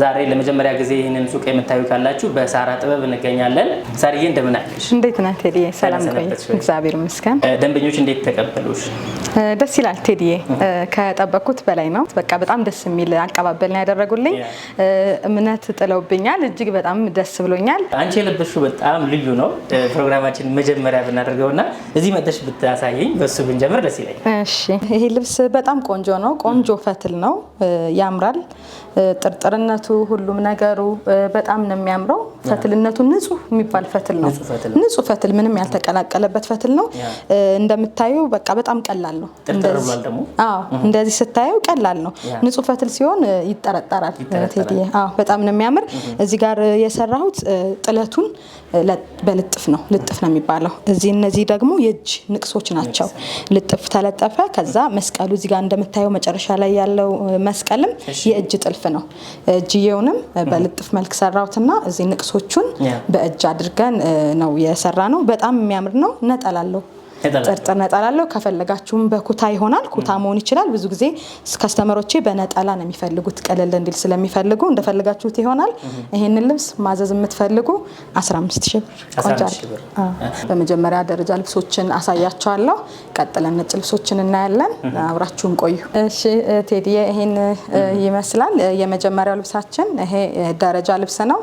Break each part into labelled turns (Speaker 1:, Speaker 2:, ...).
Speaker 1: ዛሬ ለመጀመሪያ ጊዜ ይህንን ሱቅ የምታዩ ካላችሁ በሳራ ጥበብ እንገኛለን። ሳርዬ እንደምን አለሽ?
Speaker 2: እንዴት ነህ ቴዲዬ? ሰላም ቆይ። እግዚአብሔር ይመስገን።
Speaker 1: ደንበኞች እንዴት ተቀበሉሽ?
Speaker 2: ደስ ይላል ቴዲዬ፣ ከጠበቅኩት በላይ ነው። በቃ በጣም ደስ የሚል አቀባበል ነው ያደረጉልኝ። እምነት ጥለውብኛል። እጅግ በጣም ደስ ብሎኛል።
Speaker 1: አንቺ የለበሽው በጣም ልዩ ነው። ፕሮግራማችን መጀመሪያ ብናደርገውና እዚህ መጥተሽ ብታሳየኝ በሱ ብንጀምር ደስ ይለኝ።
Speaker 2: እሺ፣ ይሄ ልብስ በጣም ቆንጆ ነው። ቆንጆ ፈትል ነው፣ ያምራል ጥርጥርነቱ ሰውነቱ ሁሉም ነገሩ በጣም ነው የሚያምረው። ፈትልነቱ ንጹህ የሚባል ፈትል ነው። ንጹህ ፈትል ምንም ያልተቀላቀለበት ፈትል ነው። እንደምታየው በቃ በጣም ቀላል ነው። እንደዚህ ስታየው ቀላል ነው። ንጹህ ፈትል ሲሆን ይጠረጠራል። በጣም ነው የሚያምር። እዚህ ጋር የሰራሁት ጥለቱን በልጥፍ ነው። ልጥፍ ነው የሚባለው። እዚህ እነዚህ ደግሞ የእጅ ንቅሶች ናቸው። ልጥፍ ተለጠፈ። ከዛ መስቀሉ እዚህ ጋር እንደምታየው መጨረሻ ላይ ያለው መስቀልም የእጅ ጥልፍ ነው። እጅየውንም በልጥፍ መልክ ሰራሁትና እዚህ ንቅሶ ልብሶቹን በእጅ አድርገን ነው የሰራ ነው። በጣም የሚያምር ነው። ነጠላለሁ ነጠላ አለው ከፈለጋችሁም በኩታ ይሆናል። ኩታ መሆን ይችላል። ብዙ ጊዜ ከስተመሮቼ በነጠላ ነው የሚፈልጉት ቀለል እንዲል ስለሚፈልጉ እንደፈለጋችሁት ይሆናል። ይህንን ልብስ ማዘዝ የምትፈልጉ 15 ሺህ ብር። በመጀመሪያ ደረጃ ልብሶችን አሳያቸዋለሁ። ቀጥለን ነጭ ልብሶችን እናያለን። አብራችሁን ቆዩ። እሺ ቴዲዬ፣ ይህን ይመስላል የመጀመሪያው ልብሳችን። ይሄ ደረጃ ልብስ ነው።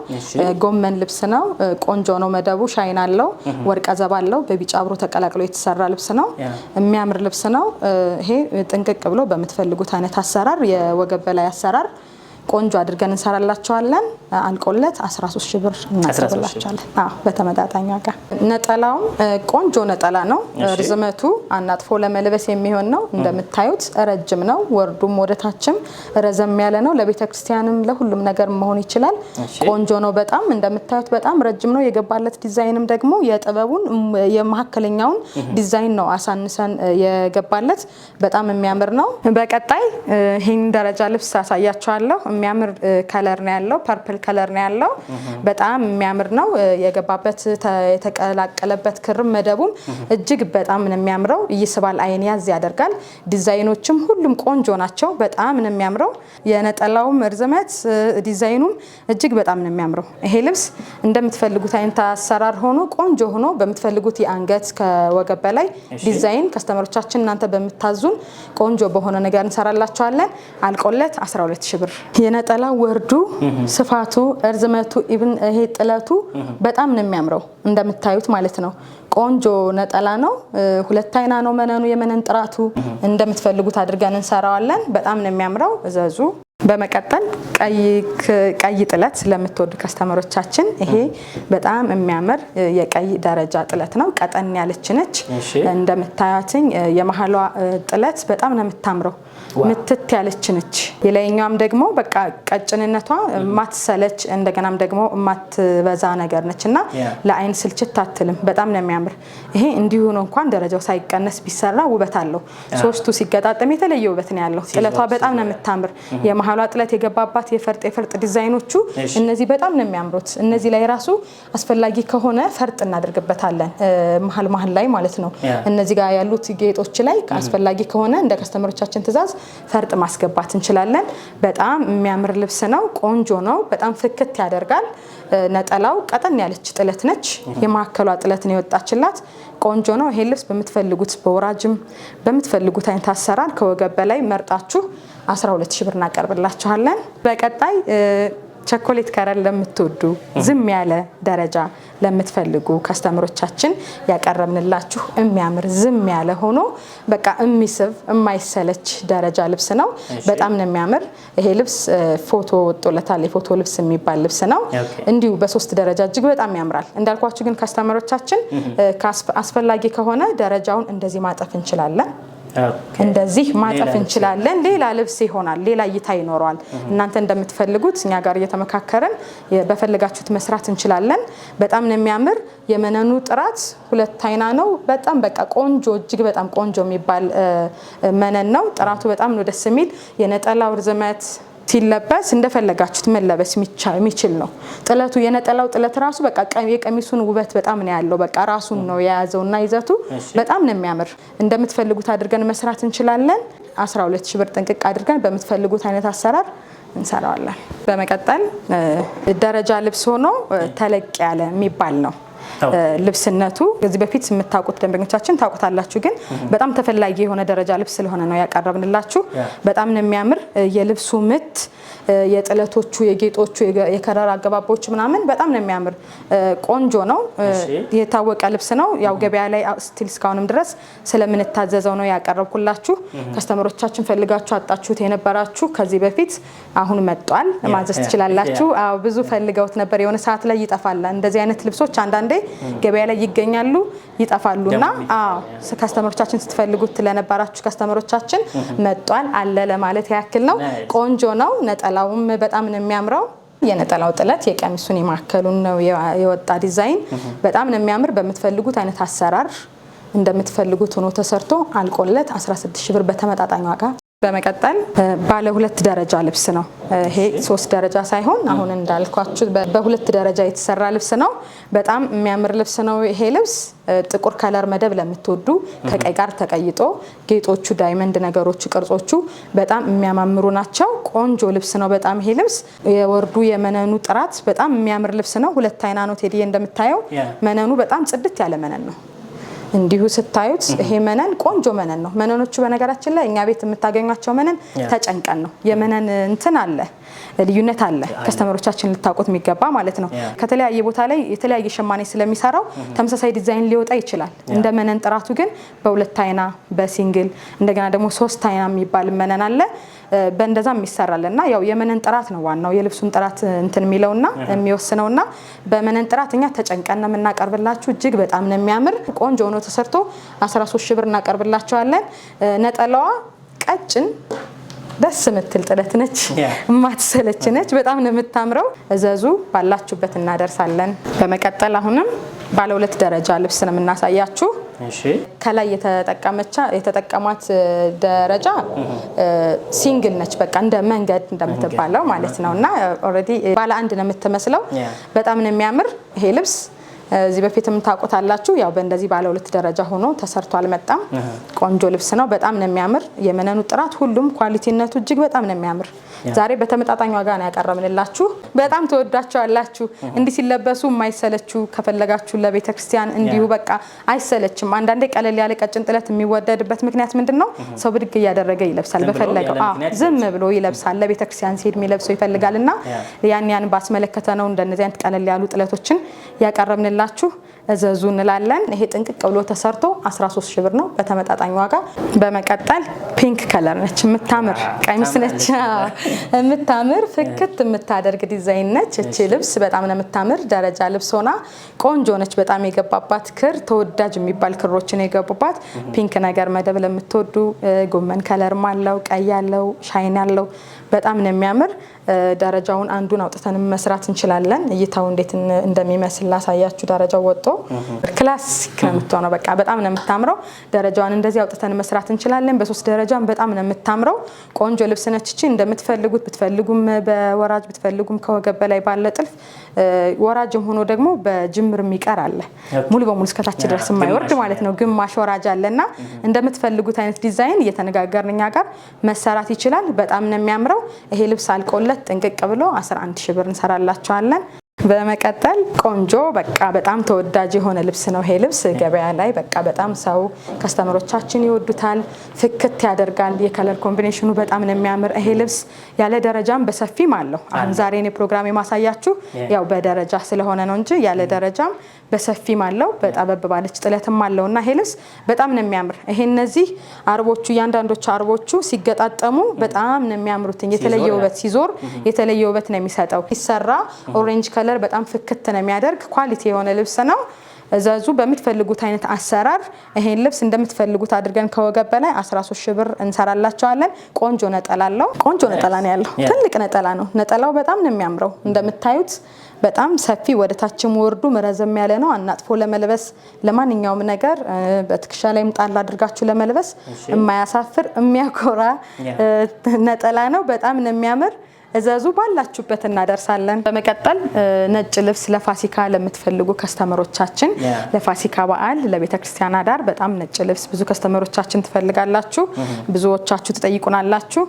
Speaker 2: ጎመን ልብስ ነው። ቆንጆ ነው። መደቡ ሻይን አለው፣ ወርቀ ዘባ አለው። በቢጫ አብሮ ተቀላቅሎ የተሰራ የተሰራ ልብስ ነው። የሚያምር ልብስ ነው። ይሄ ጥንቅቅ ብሎ በምትፈልጉት አይነት አሰራር የወገብ በላይ አሰራር ቆንጆ አድርገን እንሰራላቸዋለን። አልቆለት 13 ሺ ብር እናቀርብላቸዋለን በተመጣጣኝ ዋጋ። ነጠላውም ቆንጆ ነጠላ ነው። ርዝመቱ አናጥፎ ለመልበስ የሚሆን ነው። እንደምታዩት ረጅም ነው። ወርዱም ወደታችም ረዘም ያለ ነው። ለቤተ ክርስቲያንም ለሁሉም ነገር መሆን ይችላል። ቆንጆ ነው በጣም እንደምታዩት በጣም ረጅም ነው። የገባለት ዲዛይንም ደግሞ የጥበቡን የመካከለኛውን ዲዛይን ነው አሳንሰን የገባለት። በጣም የሚያምር ነው። በቀጣይ ይህን ደረጃ ልብስ አሳያቸዋለሁ። የሚያምር ከለር ነው ያለው። ፐርፕል ከለር ነው ያለው። በጣም የሚያምር ነው የገባበት የተቀላቀለበት ክርም መደቡም እጅግ በጣም ነው የሚያምረው። ይስባል፣ አይን ያዝ ያደርጋል። ዲዛይኖችም ሁሉም ቆንጆ ናቸው። በጣም ነው የሚያምረው። የነጠላውም እርዝመት ዲዛይኑም እጅግ በጣም ነው የሚያምረው። ይሄ ልብስ እንደምትፈልጉት አይነት አሰራር ሆኖ ቆንጆ ሆኖ በምትፈልጉት የአንገት ከወገብ በላይ ዲዛይን ከስተመሮቻችን እናንተ በምታዙን ቆንጆ በሆነ ነገር እንሰራላቸዋለን። አልቆለት 12 ሺ ብር የነጠላ ወርዱ፣ ስፋቱ፣ እርዝመቱ ኢቭን ይሄ ጥለቱ በጣም ነው የሚያምረው እንደምታዩት ማለት ነው። ቆንጆ ነጠላ ነው። ሁለት አይና ነው መነኑ። የመነን ጥራቱ እንደምትፈልጉት አድርገን እንሰራዋለን። በጣም ነው የሚያምረው። እዘዙ። በመቀጠል ቀይ ጥለት ስለምትወዱ ከስተመሮቻችን ይሄ በጣም የሚያምር የቀይ ደረጃ ጥለት ነው። ቀጠን ያለች ነች። እንደምታያትኝ የመሀሏ ጥለት በጣም ነው የምታምረው። ምትት ያለች ነች። የላይኛዋም ደግሞ በቃ ቀጭንነቷ ማትሰለች እንደገናም ደግሞ ማትበዛ ነገር ነች እና ለአይን ስልችት አትልም። በጣም ነው የሚያምር። ይሄ እንዲሁ እንኳን ደረጃው ሳይቀነስ ቢሰራ ውበት አለው። ሶስቱ ሲገጣጠም የተለየ ውበት ነው ያለው። ጥለቷ በጣም ነው የምታምር ባህሏ ጥለት የገባባት የፈርጥ የፈርጥ ዲዛይኖቹ እነዚህ በጣም ነው የሚያምሩት። እነዚህ ላይ ራሱ አስፈላጊ ከሆነ ፈርጥ እናደርግበታለን መሀል መሀል ላይ ማለት ነው። እነዚህ ጋር ያሉት ጌጦች ላይ አስፈላጊ ከሆነ እንደ ከስተመሮቻችን ትእዛዝ ፈርጥ ማስገባት እንችላለን። በጣም የሚያምር ልብስ ነው። ቆንጆ ነው። በጣም ፍክት ያደርጋል። ነጠላው ቀጠን ያለች ጥለት ነች። የማዕከሏ ጥለት ነው የወጣችላት። ቆንጆ ነው። ይሄ ልብስ በምትፈልጉት በወራጅም በምትፈልጉት አይነት አሰራር ከወገብ በላይ መርጣችሁ 12 ሺ ብር እናቀርብላችኋለን። በቀጣይ ቸኮሌት ከረል ለምትወዱ ዝም ያለ ደረጃ ለምትፈልጉ ከስተምሮቻችን ያቀረብንላችሁ የሚያምር ዝም ያለ ሆኖ በቃ የሚስብ የማይሰለች ደረጃ ልብስ ነው። በጣም ነው የሚያምር ይሄ ልብስ። ፎቶ ወጥቶለታል። የፎቶ ልብስ የሚባል ልብስ ነው። እንዲሁ በሶስት ደረጃ እጅግ በጣም ያምራል። እንዳልኳችሁ ግን ከስተምሮቻችን አስፈላጊ ከሆነ ደረጃውን እንደዚህ ማጠፍ እንችላለን። እንደዚህ ማጠፍ እንችላለን። ሌላ ልብስ ይሆናል፣ ሌላ እይታ ይኖረዋል። እናንተ እንደምትፈልጉት እኛ ጋር እየተመካከረን በፈለጋችሁት መስራት እንችላለን። በጣም ነው የሚያምር። የመነኑ ጥራት ሁለት አይና ነው። በጣም በቃ ቆንጆ፣ እጅግ በጣም ቆንጆ የሚባል መነን ነው። ጥራቱ በጣም ነው ደስ የሚል የነጠላው ርዝመት ሲለበስ እንደፈለጋችሁት መለበስ የሚችል ነው። ጥለቱ የነጠላው ጥለት ራሱ በቃ የቀሚሱን ውበት በጣም ነው ያለው። በቃ ራሱን ነው የያዘው እና ይዘቱ በጣም ነው የሚያምር። እንደምትፈልጉት አድርገን መስራት እንችላለን። 12 ሺ ብር ጥንቅቅ አድርገን በምትፈልጉት አይነት አሰራር እንሰራዋለን። በመቀጠል ደረጃ ልብስ ሆኖ ተለቅ ያለ የሚባል ነው ልብስነቱ ከዚህ በፊት የምታውቁት ደንበኞቻችን ታውቁታላችሁ፣ ግን በጣም ተፈላጊ የሆነ ደረጃ ልብስ ስለሆነ ነው ያቀረብንላችሁ። በጣም ነው የሚያምር የልብሱ ምት፣ የጥለቶቹ፣ የጌጦቹ፣ የከረር አገባቦች ምናምን በጣም ነው የሚያምር። ቆንጆ ነው፣ የታወቀ ልብስ ነው። ያው ገበያ ላይ ስቲል እስካሁንም ድረስ ስለምንታዘዘው ነው ያቀረብኩላችሁ። ከስተመሮቻችን ፈልጋችሁ አጣችሁት የነበራችሁ ከዚህ በፊት አሁን መጧል፣ ማዘዝ ትችላላችሁ። ብዙ ፈልገውት ነበር፣ የሆነ ሰዓት ላይ ይጠፋል። እንደዚህ አይነት ልብሶች አንዳንዴ ገበያ ላይ ይገኛሉ ይጠፋሉና፣ ከስተመሮቻችን ስትፈልጉት ለነበራችሁ ከስተመሮቻችን መጧል አለ ለማለት ያክል ነው። ቆንጆ ነው። ነጠላውም በጣም ነው የሚያምረው። የነጠላው ጥለት የቀሚሱን የማዕከሉን ነው የወጣ ዲዛይን በጣም ነው የሚያምር። በምትፈልጉት አይነት አሰራር እንደምትፈልጉት ሆኖ ተሰርቶ አልቆለት 16 ሺ ብር በተመጣጣኝ ዋጋ በመቀጠል ባለ ሁለት ደረጃ ልብስ ነው። ይሄ ሶስት ደረጃ ሳይሆን አሁን እንዳልኳችሁ በሁለት ደረጃ የተሰራ ልብስ ነው። በጣም የሚያምር ልብስ ነው። ይሄ ልብስ ጥቁር ከለር መደብ ለምትወዱ ከቀይ ጋር ተቀይጦ ጌጦቹ፣ ዳይመንድ ነገሮቹ፣ ቅርጾቹ በጣም የሚያማምሩ ናቸው። ቆንጆ ልብስ ነው በጣም ይሄ ልብስ የወርዱ የመነኑ ጥራት በጣም የሚያምር ልብስ ነው። ሁለት አይና ነው ቴዲዬ እንደምታየው መነኑ በጣም ጽድት ያለ መነን ነው። እንዲሁ ስታዩት ይሄ መነን ቆንጆ መነን ነው። መነኖቹ በነገራችን ላይ እኛ ቤት የምታገኟቸው መነን ተጨንቀን ነው። የመነን እንትን አለ፣ ልዩነት አለ። ከስተመሮቻችን ልታውቁት የሚገባ ማለት ነው። ከተለያየ ቦታ ላይ የተለያየ ሸማኔ ስለሚሰራው ተመሳሳይ ዲዛይን ሊወጣ ይችላል። እንደ መነን ጥራቱ ግን በሁለት አይና በሲንግል እንደገና ደግሞ ሶስት አይና የሚባል መነን አለ። በእንደዛም ይሰራል እና ያው የመነን ጥራት ነው ዋናው የልብሱን ጥራት እንትን የሚለውና የሚወስነውና በመነን ጥራት እኛ ተጨንቀን ነው የምናቀርብላችሁ። እጅግ በጣም ነው የሚያምር ቆንጆ ሆኖ ተሰርቶ 13 ሺ ብር እናቀርብላቸዋለን። ነጠላዋ ቀጭን ደስ የምትል ጥለት ነች፣ የማትሰለች ነች። በጣም ነው የምታምረው። እዘዙ፣ ባላችሁበት እናደርሳለን። በመቀጠል አሁንም ባለ ሁለት ደረጃ ልብስ ነው የምናሳያችሁ። ከላይ የተጠቀማት ደረጃ uh-huh. ሲንግል ነች። በቃ እንደ መንገድ እንደምትባለው ማለት ነው uh-huh. እና ኦልሬዲ ባለ አንድ ነው የምትመስለው። በጣም ነው የሚያምር ይሄ ልብስ እዚህ በፊት የምታውቁታላችሁ። ያው በእንደዚህ ባለ ሁለት ደረጃ ሆኖ ተሰርቶ አልመጣም። ቆንጆ ልብስ ነው። በጣም ነው የሚያምር። የመነኑ ጥራት፣ ሁሉም ኳሊቲነቱ እጅግ በጣም ነው የሚያምር። ዛሬ በተመጣጣኝ ዋጋ ነው ያቀረብንላችሁ። በጣም ተወዳቸዋላችሁ። እንዲህ ሲለበሱ የማይሰለችው ከፈለጋችሁ ለቤተ ክርስቲያን እንዲሁ በቃ አይሰለችም። አንዳንዴ ቀለል ያለ ቀጭን ጥለት የሚወደድበት ምክንያት ምንድን ነው? ሰው ብድግ እያደረገ ይለብሳል። በፈለገው ዝም ብሎ ይለብሳል። ለቤተ ክርስቲያን ሲሄድ የሚለብሰው ይፈልጋል እና ያን ያን ባስመለከተ ነው እንደነዚህ አይነት ቀለል ያሉ ጥለቶችን ያቀረብንላ ላችሁ እዘዙ እንላለን። ይሄ ጥንቅቅ ብሎ ተሰርቶ 13 ሺህ ብር ነው በተመጣጣኝ ዋጋ። በመቀጠል ፒንክ ከለር ነች፣ የምታምር ቀሚስ ነች፣ የምታምር ፍክት የምታደርግ ዲዛይን ነች። እቺ ልብስ በጣም ነው የምታምር። ደረጃ ልብስ ሆና ቆንጆ ነች። በጣም የገባባት ክር ተወዳጅ የሚባል ክሮችን የገቡባት ፒንክ ነገር መደብ ለምትወዱ ጎመን ከለርም አለው፣ ቀይ አለው፣ ሻይን አለው። በጣም ነው የሚያምር ደረጃውን አንዱን አውጥተን መስራት እንችላለን። እይታው እንዴት እንደሚመስል ላሳያችሁ። ደረጃው ወጦ ክላሲክ ነው የምትሆነው። በቃ በጣም ነው የምታምረው። ደረጃዋን እንደዚህ አውጥተን መስራት እንችላለን። በሶስት ደረጃን በጣም ነው የምታምረው። ቆንጆ ልብስ ነች እቺ። እንደምትፈልጉት ብትፈልጉም በወራጅ ብትፈልጉም ከወገብ በላይ ባለ ጥልፍ ወራጅም ሆኖ ደግሞ በጅምር የሚቀር አለ። ሙሉ በሙሉ እስከታች ድረስ የማይወርድ ማለት ነው። ግማሽ ወራጅ አለና እንደምትፈልጉት አይነት ዲዛይን እየተነጋገርን እኛ ጋር መሰራት ይችላል። በጣም ነው የሚያምረው ይሄ ልብስ አልቆለት ጥንቅቅ ብሎ 11 ሺህ ብር እንሰራላቸዋለን። በመቀጠል ቆንጆ በቃ በጣም ተወዳጅ የሆነ ልብስ ነው። ይሄ ልብስ ገበያ ላይ በቃ በጣም ሰው ከስተመሮቻችን ይወዱታል። ፍክት ያደርጋል። የከለር ኮምቢኔሽኑ በጣም ነው የሚያምር። ይሄ ልብስ ያለ ደረጃም በሰፊም አለው። አሁን ዛሬ እኔ ፕሮግራም የማሳያችሁ ያው በደረጃ ስለሆነ ነው እንጂ ያለ ደረጃም በሰፊም አለው። በጠበብ ባለች ጥለትም አለው እና ይሄ ልብስ በጣም ነው የሚያምር። ይሄ እነዚህ አርቦቹ እያንዳንዶቹ አርቦቹ ሲገጣጠሙ በጣም ነው የሚያምሩት። የተለየ ውበት ሲዞር የተለየ ውበት ነው የሚሰጠው። ሲሰራ ኦሬንጅ ከለር ከለር በጣም ፍክት ነው የሚያደርግ ኳሊቲ የሆነ ልብስ ነው። እዘዙ። በምትፈልጉት አይነት አሰራር ይሄን ልብስ እንደምትፈልጉት አድርገን ከወገብ በላይ 13 ሺህ ብር እንሰራላቸዋለን። ቆንጆ ነጠላ አለው። ቆንጆ ነጠላ ነው ያለው። ትልቅ ነጠላ ነው። ነጠላው በጣም ነው የሚያምረው እንደምታዩት በጣም ሰፊ ወደ ታችም ወርዱ ረዘም ያለ ነው። አናጥፎ ለመልበስ ለማንኛውም ነገር በትከሻ ላይም ጣል አድርጋችሁ ለመልበስ የማያሳፍር የሚያኮራ ነጠላ ነው። በጣም ነው የሚያምር እዘዙ ባላችሁበት እናደርሳለን። በመቀጠል ነጭ ልብስ ለፋሲካ ለምትፈልጉ ከስተመሮቻችን ለፋሲካ በዓል ለቤተ ክርስቲያን አዳር በጣም ነጭ ልብስ ብዙ ከስተመሮቻችን ትፈልጋላችሁ። ብዙዎቻችሁ ትጠይቁናላችሁ።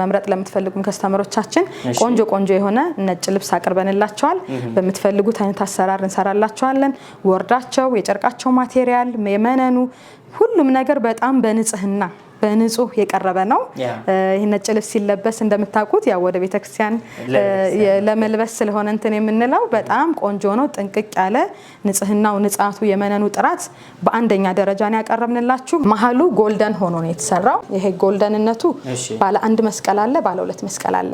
Speaker 2: መምረጥ ለምትፈልጉም ከስተመሮቻችን ቆንጆ ቆንጆ የሆነ ነጭ ልብስ አቅርበንላቸዋል። በምትፈልጉት አይነት አሰራር እንሰራላቸዋለን። ወርዳቸው፣ የጨርቃቸው ማቴሪያል፣ የመነኑ ሁሉም ነገር በጣም በንጽህና በንጹህ የቀረበ ነው። ይህ ነጭ ልብስ ሲለበስ እንደምታውቁት ያው ወደ ቤተክርስቲያን ለመልበስ ስለሆነ እንትን የምንለው በጣም ቆንጆ ነው። ጥንቅቅ ያለ ንጽህናው፣ ንጻቱ፣ የመነኑ ጥራት በአንደኛ ደረጃ ነው ያቀረብንላችሁ። መሀሉ ጎልደን ሆኖ ነው የተሰራው። ይሄ ጎልደንነቱ ባለ አንድ መስቀል አለ፣ ባለ ሁለት መስቀል አለ።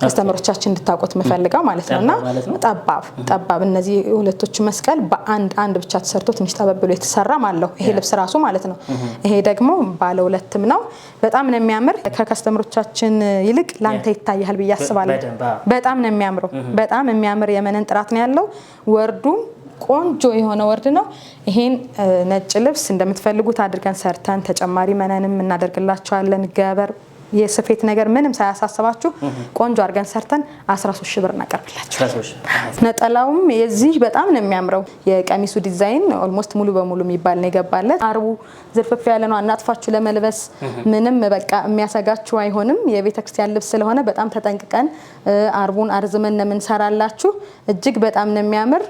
Speaker 2: ከስተመሮቻችን እንድታውቁት የምፈልገው ማለት ነው እና ጠባብ ጠባብ እነዚህ ሁለቶች መስቀል በአንድ አንድ ብቻ ተሰርቶ ትንሽ ጠበብ ብሎ የተሰራም አለው ይሄ ልብስ ራሱ ማለት ነው። ይሄ ደግሞ ባለ ሁለትም ነው። በጣም ነው የሚያምር። ከከስተመሮቻችን ይልቅ ላንተ ይታያል ብዬ አስባለሁ። በጣም ነው የሚያምረው። በጣም የሚያምር የመነን ጥራት ነው ያለው። ወርዱም ቆንጆ የሆነ ወርድ ነው። ይሄን ነጭ ልብስ እንደምትፈልጉት አድርገን ሰርተን ተጨማሪ መነንም እናደርግላቸዋለን ገበር የስፌት ነገር ምንም ሳያሳስባችሁ ቆንጆ አድርገን ሰርተን 13 ሺ ብር እናቀርብላችሁ። ነጠላውም የዚህ በጣም ነው የሚያምረው። የቀሚሱ ዲዛይን ኦልሞስት ሙሉ በሙሉ የሚባል ነው የገባለት። አርቡ ዝርፍፍ ያለ ነው፣ አናጥፋችሁ ለመልበስ ምንም በቃ የሚያሰጋችሁ አይሆንም። የቤተክርስቲያን ልብስ ስለሆነ በጣም ተጠንቅቀን አርቡን አርዝመን ነው የምንሰራላችሁ። እጅግ በጣም ነው የሚያምር።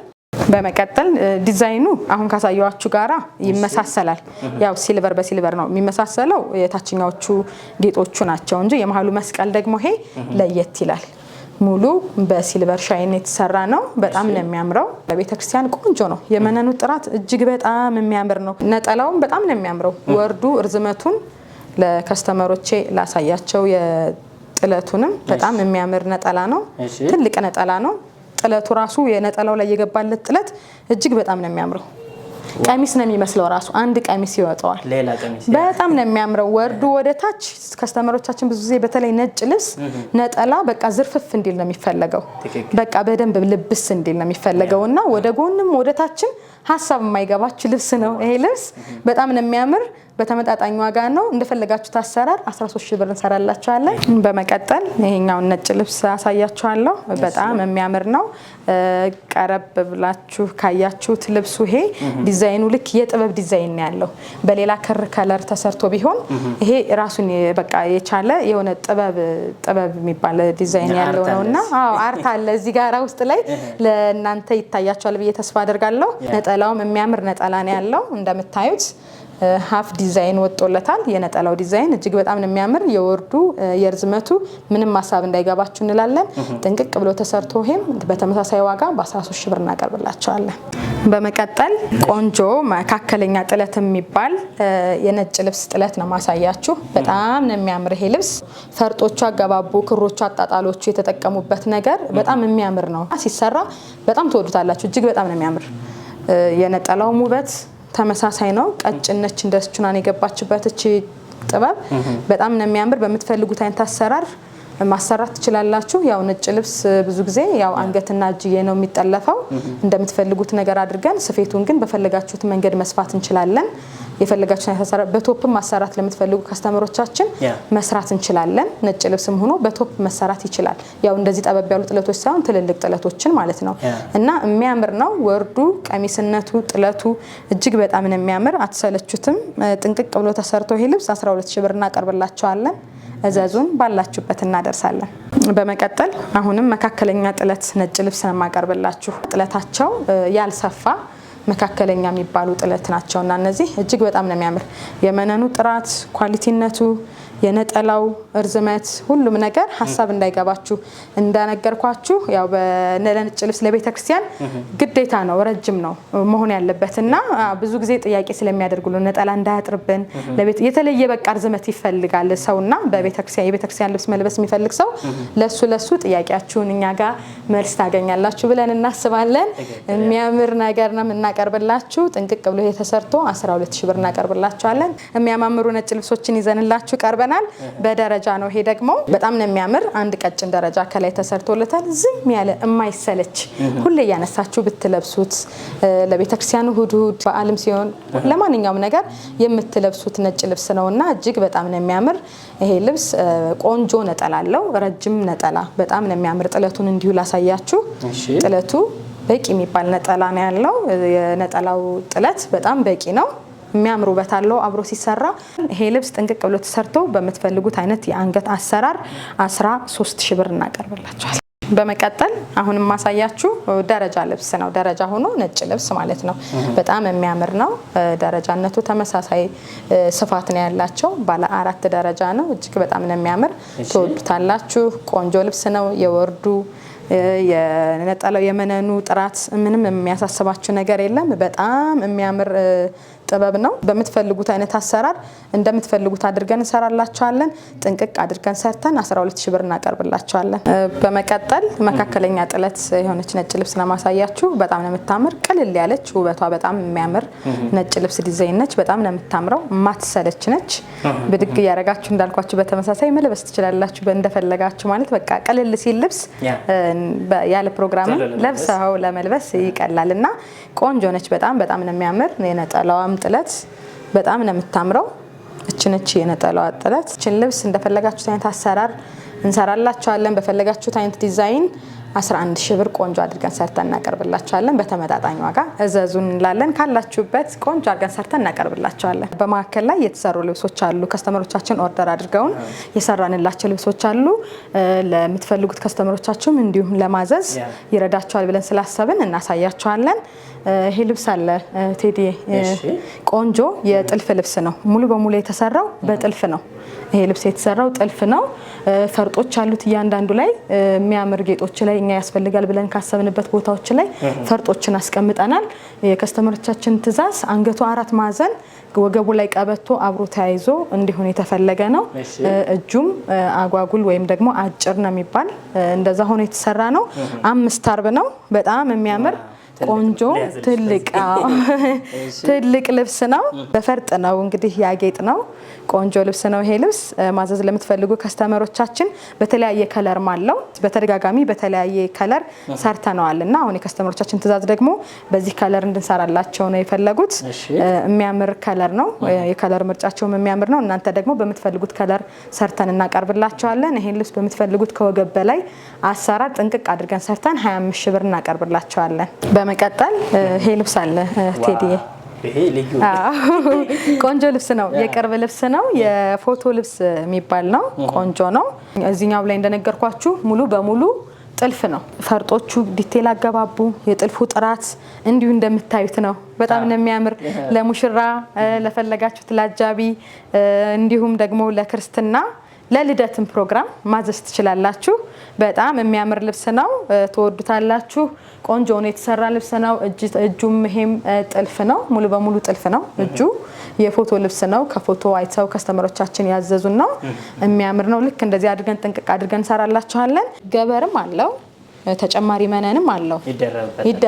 Speaker 2: በመቀጠል ዲዛይኑ አሁን ካሳየዋችሁ ጋራ ይመሳሰላል። ያው ሲልቨር በሲልቨር ነው የሚመሳሰለው፣ የታችኛዎቹ ጌጦቹ ናቸው እንጂ የመሀሉ መስቀል ደግሞ ይሄ ለየት ይላል። ሙሉ በሲልቨር ሻይን የተሰራ ነው። በጣም ነው የሚያምረው። ለቤተክርስቲያን ቆንጆ ነው። የመነኑ ጥራት እጅግ በጣም የሚያምር ነው። ነጠላውም በጣም ነው የሚያምረው። ወርዱ እርዝመቱን ለከስተመሮቼ ላሳያቸው። የጥለቱንም በጣም የሚያምር ነጠላ ነው። ትልቅ ነጠላ ነው። ጥለቱ ራሱ የነጠላው ላይ የገባለት ጥለት እጅግ በጣም ነው የሚያምረው። ቀሚስ ነው የሚመስለው። ራሱ አንድ ቀሚስ ይወጣዋል። በጣም ነው የሚያምረው። ወርዱ ወደ ታች ከስተመሮቻችን ብዙ ጊዜ በተለይ ነጭ ልብስ ነጠላ በቃ ዝርፍፍ እንዲል ነው የሚፈለገው። በቃ በደንብ ልብስ እንዲል ነው የሚፈለገው እና ወደ ጎንም ወደ ታችም ሀሳብ የማይገባች ልብስ ነው። ይሄ ልብስ በጣም ነው የሚያምር። በተመጣጣኝ ዋጋ ነው። እንደፈለጋችሁት አሰራር 13 ሺህ ብር እንሰራላችኋለን። በመቀጠል ይሄኛውን ነጭ ልብስ አሳያችኋለሁ። በጣም የሚያምር ነው። ቀረብ ብላችሁ ካያችሁት ልብሱ ይሄ ዲዛይኑ ልክ የጥበብ ዲዛይን ያለው። በሌላ ክር ከለር ተሰርቶ ቢሆን ይሄ ራሱን በቃ የቻለ የሆነ ጥበብ ጥበብ የሚባል ዲዛይን ያለው ነው እና አርት አለ እዚህ ጋራ ውስጥ ላይ ለእናንተ ይታያችኋል ብዬ ተስፋ ነጠ ነጠላውም የሚያምር ነጠላ ነው ያለው እንደምታዩት ሀፍ ዲዛይን ወጦለታል። የነጠላው ዲዛይን እጅግ በጣም ነው የሚያምር። የወርዱ የርዝመቱ ምንም ሀሳብ እንዳይገባችሁ እንላለን። ጥንቅቅ ብሎ ተሰርቶ ይሄም በተመሳሳይ ዋጋ በ13 ሺ ብር እናቀርብላቸዋለን። በመቀጠል ቆንጆ መካከለኛ ጥለት የሚባል የነጭ ልብስ ጥለት ነው ማሳያችሁ። በጣም ነው የሚያምር ይሄ ልብስ። ፈርጦቹ፣ አገባቡ፣ ክሮቹ፣ አጣጣሎቹ የተጠቀሙበት ነገር በጣም የሚያምር ነው። ሲሰራ በጣም ትወዱታላችሁ። እጅግ በጣም ነው የሚያምር የነጠላውም ውበት ተመሳሳይ ነው። ቀጭን ነች እንደስቹናን የገባችበት እቺ ጥበብ በጣም ነው የሚያምር። በምትፈልጉት አይነት አሰራር ማሰራት ትችላላችሁ። ያው ነጭ ልብስ ብዙ ጊዜ ያው አንገትና እጅዬ ነው የሚጠለፈው። እንደምትፈልጉት ነገር አድርገን ስፌቱን ግን በፈለጋችሁት መንገድ መስፋት እንችላለን። የፈለጋችሁን በቶፕም ማሰራት ለምትፈልጉ ከስተመሮቻችን መስራት እንችላለን። ነጭ ልብስም ሆኖ በቶፕ መሰራት ይችላል። ያው እንደዚህ ጠበብ ያሉ ጥለቶች ሳይሆን ትልልቅ ጥለቶችን ማለት ነው። እና የሚያምር ነው ወርዱ፣ ቀሚስነቱ፣ ጥለቱ እጅግ በጣም ነው የሚያምር። አትሰለቹትም። ጥንቅቅ ብሎ ተሰርቶ ይህ ልብስ 12 ሺ ብር እናቀርብላቸዋለን። እዘዙን፣ ባላችሁበት እናደርሳለን። በመቀጠል አሁንም መካከለኛ ጥለት ነጭ ልብስ ነው የማቀርብላችሁ። ጥለታቸው ያልሰፋ መካከለኛ የሚባሉ ጥለት ናቸው እና እነዚህ እጅግ በጣም ነው የሚያምር የመነኑ ጥራት ኳሊቲነቱ የነጠላው እርዝመት ሁሉም ነገር ሀሳብ እንዳይገባችሁ እንደነገርኳችሁ ያው በነጭ ልብስ ለቤተ ክርስቲያን ግዴታ ነው፣ ረጅም ነው መሆን ያለበት እና ብዙ ጊዜ ጥያቄ ስለሚያደርጉልን ነጠላ እንዳያጥርብን የተለየ በቃ እርዝመት ይፈልጋል ሰው እና የቤተክርስቲያን ልብስ መልበስ የሚፈልግ ሰው ለሱ ለሱ ጥያቄያችሁን እኛ ጋር መልስ ታገኛላችሁ ብለን እናስባለን። የሚያምር ነገር ነው የምናቀርብላችሁ። ጥንቅቅ ብሎ የተሰርቶ 12 ሺ ብር እናቀርብላችኋለን። የሚያማምሩ ነጭ ልብሶችን ይዘንላችሁ ቀርበ አቅርበናል። በደረጃ ነው። ይሄ ደግሞ በጣም ነው የሚያምር። አንድ ቀጭን ደረጃ ከላይ ተሰርቶለታል። ዝም ያለ የማይሰለች ሁሌ እያነሳችሁ ብትለብሱት ለቤተክርስቲያን እሁድ እሁድ በዓልም ሲሆን ለማንኛውም ነገር የምትለብሱት ነጭ ልብስ ነው እና እጅግ በጣም ነው የሚያምር ይሄ ልብስ። ቆንጆ ነጠላ አለው፣ ረጅም ነጠላ በጣም ነው የሚያምር። ጥለቱን እንዲሁ ላሳያችሁ። ጥለቱ በቂ የሚባል ነጠላ ነው ያለው። የነጠላው ጥለት በጣም በቂ ነው። የሚያምር ውበት አለው አብሮ ሲሰራ። ይሄ ልብስ ጥንቅቅ ብሎ ተሰርቶ በምትፈልጉት አይነት የአንገት አሰራር 13 ሺ ብር እናቀርብላቸዋል። በመቀጠል አሁን የማሳያችሁ ደረጃ ልብስ ነው። ደረጃ ሆኖ ነጭ ልብስ ማለት ነው። በጣም የሚያምር ነው። ደረጃነቱ ተመሳሳይ ስፋት ነው ያላቸው። ባለ አራት ደረጃ ነው። እጅግ በጣም ነው የሚያምር። ትወዱታላችሁ። ቆንጆ ልብስ ነው። የወርዱ የነጠለው የመነኑ ጥራት ምንም የሚያሳስባችሁ ነገር የለም። በጣም የሚያምር ጥበብ ነው። በምትፈልጉት አይነት አሰራር እንደምትፈልጉት አድርገን እንሰራላቸዋለን። ጥንቅቅ አድርገን ሰርተን 12 ሺ ብር እናቀርብላቸዋለን። በመቀጠል መካከለኛ ጥለት የሆነች ነጭ ልብስ ለማሳያችሁ። በጣም ነው የምታምር ቅልል ያለች ውበቷ በጣም የሚያምር ነጭ ልብስ ዲዛይን ነች። በጣም ነው የምታምረው ማትሰለች ነች። ብድግ እያደረጋችሁ እንዳልኳችሁ በተመሳሳይ መልበስ ትችላላችሁ እንደፈለጋችሁ። ማለት በቃ ቅልል ሲል ልብስ ያለ ፕሮግራም ለብሰው ለመልበስ ይቀላል እና ቆንጆ ነች። በጣም በጣም ነው የሚያምር የነጠላዋም ይችኛዋም ጥለት በጣም ነው የምታምረው። እችነች የነጠላዋ ጥለት። እችን ልብስ እንደፈለጋችሁት አይነት አሰራር እንሰራላችኋለን በፈለጋችሁት አይነት ዲዛይን 11 ሺህ ብር ቆንጆ አድርገን ሰርተን እናቀርብላቸዋለን። በተመጣጣኝ ዋጋ እዘዙን እንላለን። ካላችሁበት ቆንጆ አድርገን ሰርተን እናቀርብላቸዋለን። በመካከል ላይ የተሰሩ ልብሶች አሉ። ከስተመሮቻችን ኦርደር አድርገውን የሰራንላቸው ልብሶች አሉ። ለምትፈልጉት ከስተመሮቻችሁም እንዲሁም ለማዘዝ ይረዳቸዋል ብለን ስላሰብን እናሳያቸዋለን። ይሄ ልብስ አለ ቴዲ፣ ቆንጆ የጥልፍ ልብስ ነው። ሙሉ በሙሉ የተሰራው በጥልፍ ነው። ይሄ ልብስ የተሰራው ጥልፍ ነው። ፈርጦች አሉት እያንዳንዱ ላይ የሚያምር ጌጦች ላይ እኛ ያስፈልጋል ብለን ካሰብንበት ቦታዎች ላይ ፈርጦችን አስቀምጠናል። የከስተመሮቻችን ትዕዛዝ አንገቱ አራት ማዕዘን ወገቡ ላይ ቀበቶ አብሮ ተያይዞ እንዲሆን የተፈለገ ነው። እጁም አጓጉል ወይም ደግሞ አጭር ነው የሚባል እንደዛ ሆኖ የተሰራ ነው። አምስት አርብ ነው። በጣም የሚያምር ቆንጆ ትልቅ ትልቅ ልብስ ነው። በፈርጥ ነው እንግዲህ ያጌጥ ነው። ቆንጆ ልብስ ነው ይሄ ልብስ። ማዘዝ ለምትፈልጉ ከስተመሮቻችን በተለያየ ከለር ማለው በተደጋጋሚ በተለያየ ከለር ሰርተነዋል እና አሁን የከስተመሮቻችን ትእዛዝ ደግሞ በዚህ ከለር እንድንሰራላቸው ነው የፈለጉት። የሚያምር ከለር ነው፣ የከለር ምርጫቸውም የሚያምር ነው። እናንተ ደግሞ በምትፈልጉት ከለር ሰርተን እናቀርብላቸዋለን። ይሄን ልብስ በምትፈልጉት ከወገብ በላይ አሰራር ጥንቅቅ አድርገን ሰርተን 25 ሺ ብር እናቀርብላቸዋለን። በመቀጠል ይሄ ልብስ አለ ቴዲዬ ቆንጆ ልብስ ነው። የቅርብ ልብስ ነው። የፎቶ ልብስ የሚባል ነው። ቆንጆ ነው። እዚኛው ላይ እንደነገርኳችሁ ሙሉ በሙሉ ጥልፍ ነው። ፈርጦቹ ዲቴል አገባቡ፣ የጥልፉ ጥራት እንዲሁ እንደምታዩት ነው። በጣም ነው የሚያምር። ለሙሽራ ለፈለጋችሁት ለአጃቢ እንዲሁም ደግሞ ለክርስትና ለልደትም ፕሮግራም ማዘዝ ትችላላችሁ። በጣም የሚያምር ልብስ ነው፣ ትወዱታላችሁ። ቆንጆ ሆኖ የተሰራ ልብስ ነው። እጁም ይሄም ጥልፍ ነው፣ ሙሉ በሙሉ ጥልፍ ነው። እጁ የፎቶ ልብስ ነው። ከፎቶ አይተው ከስተመሮቻችን ያዘዙን ነው። የሚያምር ነው። ልክ እንደዚህ አድርገን ጥንቅቅ አድርገን እንሰራላችኋለን። ገበርም አለው ተጨማሪ መነንም አለው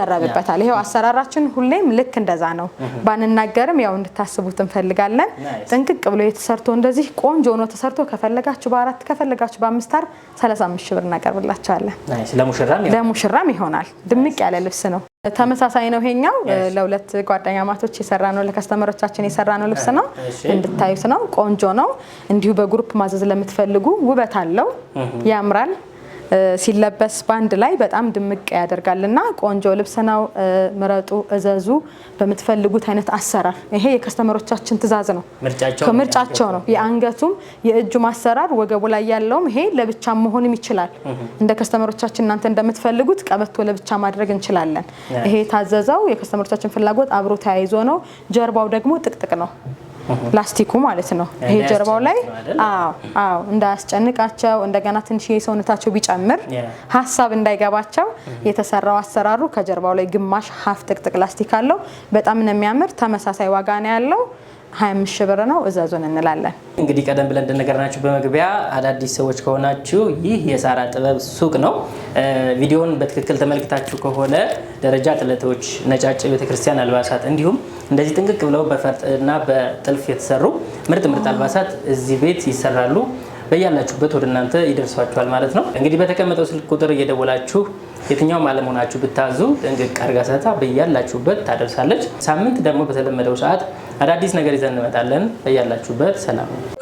Speaker 2: ይደረብበታል። ይሄው አሰራራችን ሁሌም ልክ እንደዛ ነው። ባንናገርም ያው እንድታስቡት እንፈልጋለን። ጥንቅቅ ብሎ የተሰርቶ እንደዚህ ቆንጆ ሆኖ ተሰርቶ ከፈለጋችሁ በአራት ከፈለጋችሁ በአምስት አር 35 ሺ ብር እናቀርብላቸዋለን። ለሙሽራም ይሆናል። ድምቅ ያለ ልብስ ነው። ተመሳሳይ ነው። ይሄኛው ለሁለት ጓደኛ ማቶች የሰራ ነው። ለከስተመሮቻችን የሰራ ነው ልብስ ነው። እንድታዩት ነው። ቆንጆ ነው። እንዲሁ በግሩፕ ማዘዝ ለምትፈልጉ ውበት አለው። ያምራል። ሲለበስ ባንድ ላይ በጣም ድምቅ ያደርጋል ቆንጆ ልብስ ነው። ምረጡ፣ እዘዙ በምትፈልጉት አይነት አሰራር። ይሄ የከስተመሮቻችን ትዕዛዝ ነው፣ ከምርጫቸው ነው። የአንገቱም የእጁም አሰራር ወገቡ ላይ ያለውም ይሄ ለብቻ መሆንም ይችላል። እንደ ከስተመሮቻችን እናንተ እንደምትፈልጉት ቀበቶ ለብቻ ማድረግ እንችላለን። ይሄ የታዘዘው የከስተመሮቻችን ፍላጎት አብሮ ተያይዞ ነው። ጀርባው ደግሞ ጥቅጥቅ ነው። ላስቲኩ ማለት ነው። ይሄ ጀርባው ላይ አዎ፣ አዎ እንዳያስጨንቃቸው እንደገና ትንሽ የሰውነታቸው ቢጨምር ሀሳብ እንዳይገባቸው የተሰራው አሰራሩ ከጀርባው ላይ ግማሽ ሀፍ ጥቅጥቅ ላስቲክ አለው። በጣም ነው የሚያምር። ተመሳሳይ ዋጋ ነው ያለው። 25 ሺህ ብር ነው። እዘዙን እንላለን።
Speaker 1: እንግዲህ ቀደም ብለን እንደነገርናችሁ በመግቢያ አዳዲስ ሰዎች ከሆናችሁ ይህ የሳራ ጥበብ ሱቅ ነው። ቪዲዮውን በትክክል ተመልክታችሁ ከሆነ ደረጃ ጥለቶች፣ ነጫጭ ቤተክርስቲያን አልባሳት እንዲሁም እንደዚህ ጥንቅቅ ብለው በፈርጥና በጥልፍ የተሰሩ ምርጥ ምርጥ አልባሳት እዚህ ቤት ይሰራሉ። በያላችሁበት ወደ እናንተ ይደርሷችኋል ማለት ነው። እንግዲህ በተቀመጠው ስልክ ቁጥር እየደወላችሁ የትኛውም አለመሆናችሁ ብታዙ ጥንቅቅ አድርጋ ሰታ በያላችሁበት ታደርሳለች። ሳምንት ደግሞ በተለመደው ሰዓት አዳዲስ ነገር ይዘን እንመጣለን። በያላችሁበት ሰላም ነው።